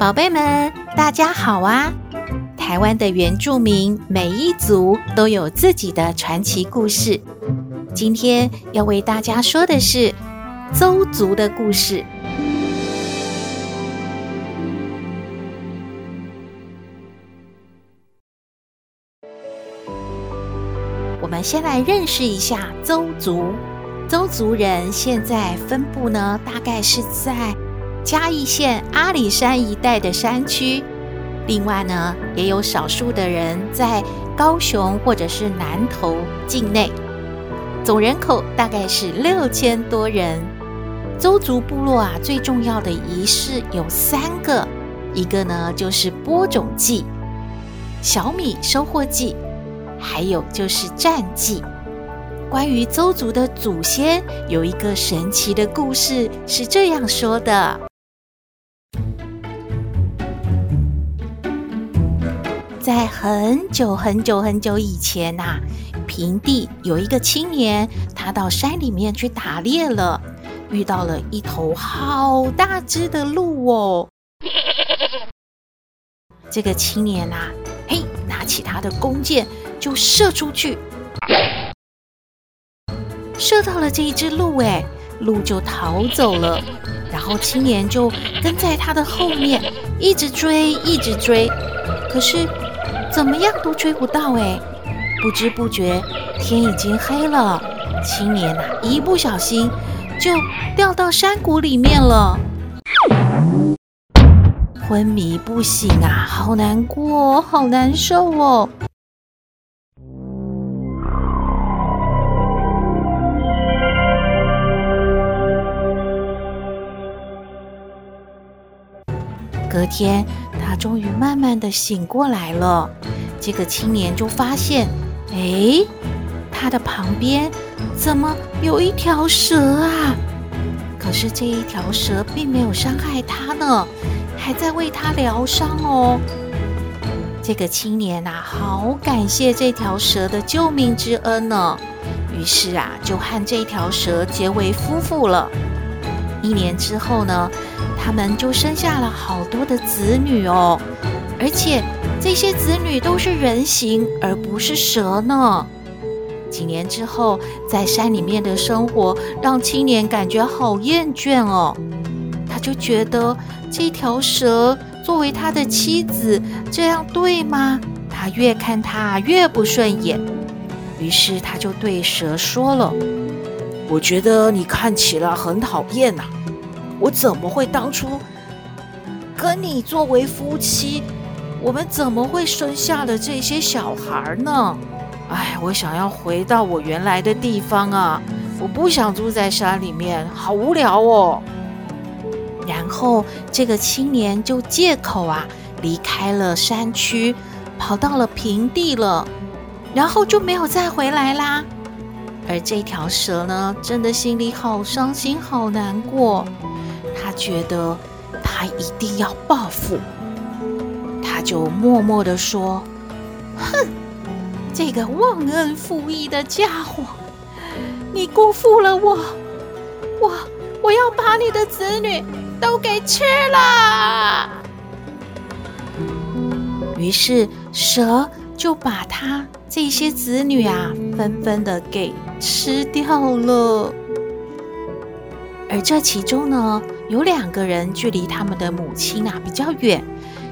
寶貝們，大家好啊！台灣的原住民每一族都有自己的傳奇故事。今天要為大家說的是鄒族的故事。我們先來認識一下鄒族。鄒族人現在分布呢，大概是在，嘉義縣阿里山一帶的山區，另外呢，也有少數的人在高雄或者是南投境內，總人口大概是六千多人。鄒族部落啊，最重要的儀式有三個，一個呢，就是播種祭、小米收穫祭，還有就是戰祭。關於鄒族的祖先，有一個神奇的故事是這樣說的。在很久很久很久以前吶、啊，平地有一個青年，他到山裡面去打獵了，遇到了一頭好大只的鹿哦。 這個青年吶、啊，嘿，拿起他的弓箭就射出去，射到了這一只鹿，欸，哎，鹿就逃走了，然後青年就跟在他的後面，一直追，一直追，可是，怎麼樣都追不到哎！不知不覺，天已經黑了。青年啊，一不小心就掉到山谷裡面了，昏迷不醒啊！好難過哦，好難受哦。天，他終於慢慢的醒過來了。這個青年就發現，哎，他的旁邊怎麼有一條蛇啊？可是這一條蛇並沒有傷害他呢，還在為他療傷哦。這個青年吶、啊，好感謝這條蛇的救命之恩呢。於是啊，就和這條蛇結為夫婦了。一年之後呢，他們就生下了好多的子女哦，而且這些子女都是人形，而不是蛇呢。幾年之後，在山裡面的生活讓青年感覺好厭倦哦，他就覺得這條蛇作為他的妻子，這樣對嗎？他越看他越不順眼，於是他就對蛇說了。我覺得你看起來很討厭吶，啊，我怎麼會當初跟你作為夫妻？我們怎麼會生下了這些小孩呢？唉，我想要回到我原來的地方啊！我不想住在山裡面，好無聊哦。然後這個青年就借口啊離開了山區，跑到了平地了，然後就沒有再回來啦。而這條蛇呢，真的心裡好傷心、好難過。他覺得他一定要報復，他就默默地說：“哼，這個忘恩負義的家伙，你辜負了我，我我要把你的子女都給吃了。”於是蛇就把他。這些子女啊，紛紛的給吃掉了。而這其中呢，有兩個人距離他們的母親啊比較遠，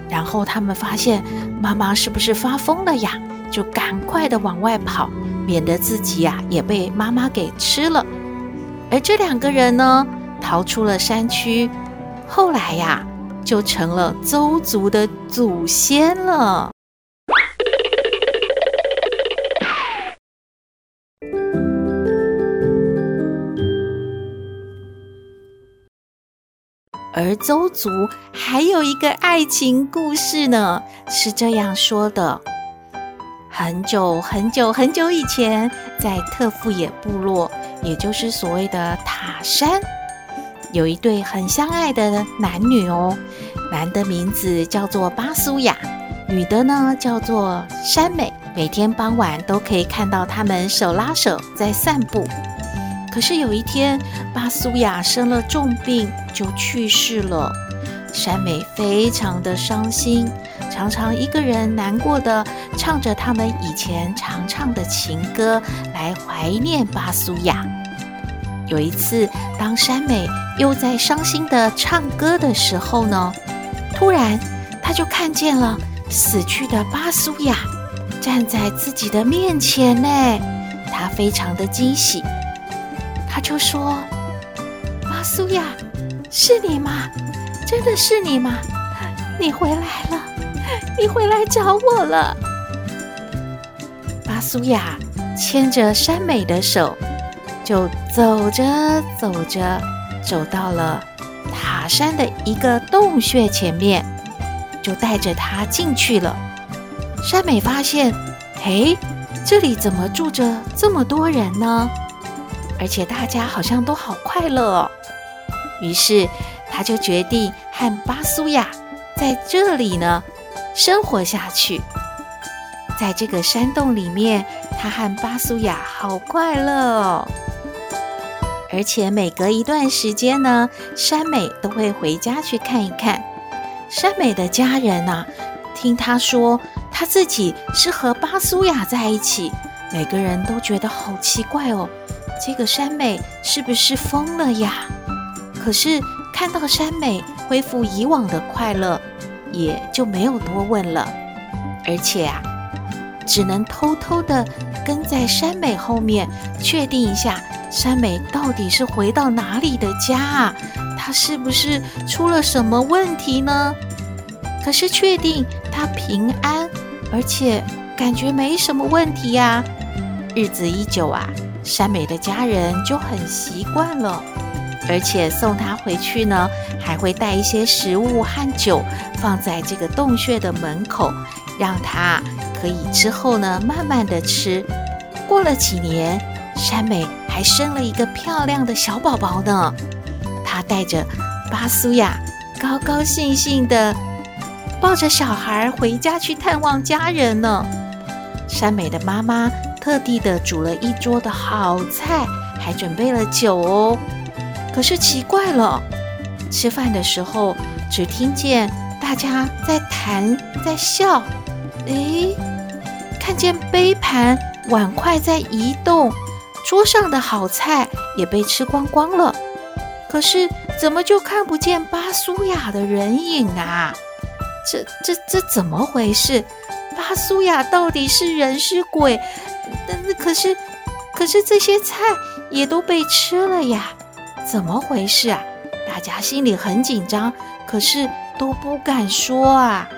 然後他們發現媽媽是不是發瘋了呀？就趕快的往外跑，免得自己呀、啊、也被媽媽給吃了。而這兩個人呢，逃出了山區，後來呀、啊，就成了鄒族的祖先了。而鄒族還有一個愛情故事呢，是這樣說的：很久很久很久以前，在特富野部落，也就是所謂的塔山，有一對很相愛的男女哦。男的名字叫做巴蘇亞，女的呢叫做山美。每天傍晚都可以看到他們手拉手在散步。可是有一天，巴蘇亞生了重病，就去世了。山美非常的傷心，常常一個人難過的唱着他們以前常唱的情歌來懷念巴蘇亞。有一次，當山美又在傷心的唱歌的時候呢，突然她就看見了死去的巴蘇亞站在自己的面前誒，她非常的驚喜。他就說：“巴蘇亞，是你嗎？真的是你嗎？你回來了，你回來找我了。”巴蘇亞牽着山美的手，就走着走着，走到了塔山的一個洞穴前面，就帶着她進去了。山美發現，嘿，這裡怎麼住着這麼多人呢？而且大家好像都好快樂哦。於是，他就決定和巴蘇亞在這裡呢生活下去。在這個山洞裡面，他和巴蘇亞好快樂哦。而且每隔一段時間呢，山美都會回家去看一看。山美的家人啊，聽他說他自己是和巴蘇亞在一起，每個人都覺得好奇怪哦。這個山美是不是瘋了呀？可是看到山美恢復以往的快樂，也就沒有多問了。而且啊，只能偷偷地跟在山美後面，確定一下山美到底是回到哪裡的家啊，她是不是出了什麼問題呢？可是確定她平安，而且感覺沒什麼問題呀。日子一久啊。山美的家人就很習慣了，而且送她回去呢，還會帶一些食物和酒放在這個洞穴的門口，讓她可以之後呢慢慢的吃。過了幾年，山美還生了一個漂亮的小寶寶呢。她帶着巴蘇亞高高興興的抱着小孩回家去探望家人呢。山美的媽媽。特地的煮了一桌的好菜，還準備了酒哦。可是奇怪了，吃飯的時候只聽見大家在談，在笑。誒，看見杯盤碗筷在移動，桌上的好菜也被吃光光了。可是怎麼就看不見巴蘇亞的人影啊？這這這怎麼回事？巴蘇亞到底是人是鬼？但是，可是，可是這些菜也都被吃了呀？怎麼回事啊？大家心裡很緊張，可是都不敢說啊。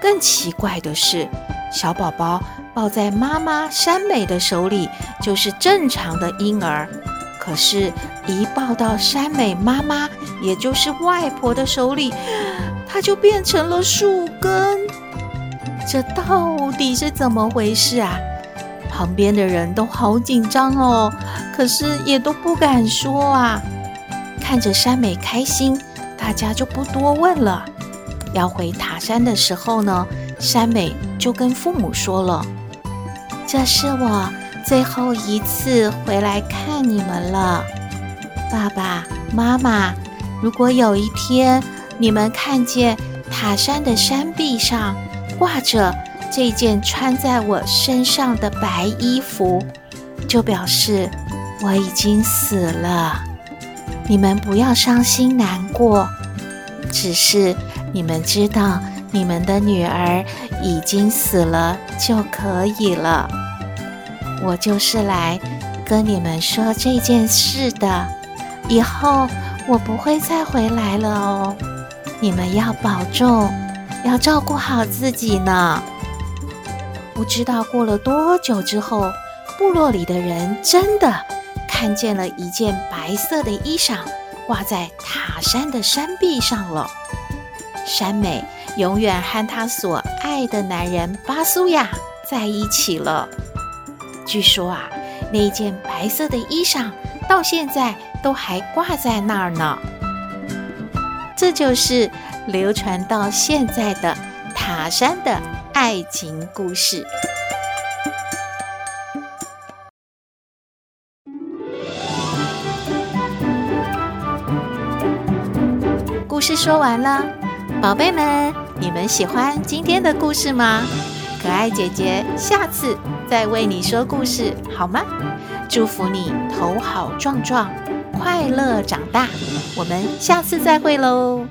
更奇怪的是，小寶寶抱在媽媽山美的手裡就是正常的嬰兒，可是，一抱到山美媽媽，也就是外婆的手裡，他就變成了樹根。這到底是怎麼回事啊？旁邊的人都好緊張哦，可是也都不敢說啊。看着山美開心，大家就不多問了。要回塔山的時候呢，山美就跟父母說了：“這是我最後一次回來看你們了，爸爸媽媽。如果有一天你們看見塔山的山壁上掛着……”這件穿在我身上的白衣服，就表示我已經死了。你們不要傷心難過，只是你們知道你們的女兒已經死了就可以了。我就是來跟你們說這件事的，以後我不會再回來了哦。你們要保重，要照顧好自己呢。不知道過了多久之後，部落裡的人真的看見了一件白色的衣裳掛在塔山的山壁上了。山美永遠和她所愛的男人巴蘇亞在一起了。據說啊，那件白色的衣裳到現在都還掛在那兒呢。這就是流傳到現在的塔山的。愛情故事，故事說完了，寶貝們，你們喜歡今天的故事嗎？可愛姐姐下次再為你說故事好嗎？祝福你頭好壯壯，快樂長大，我們下次再會嘍。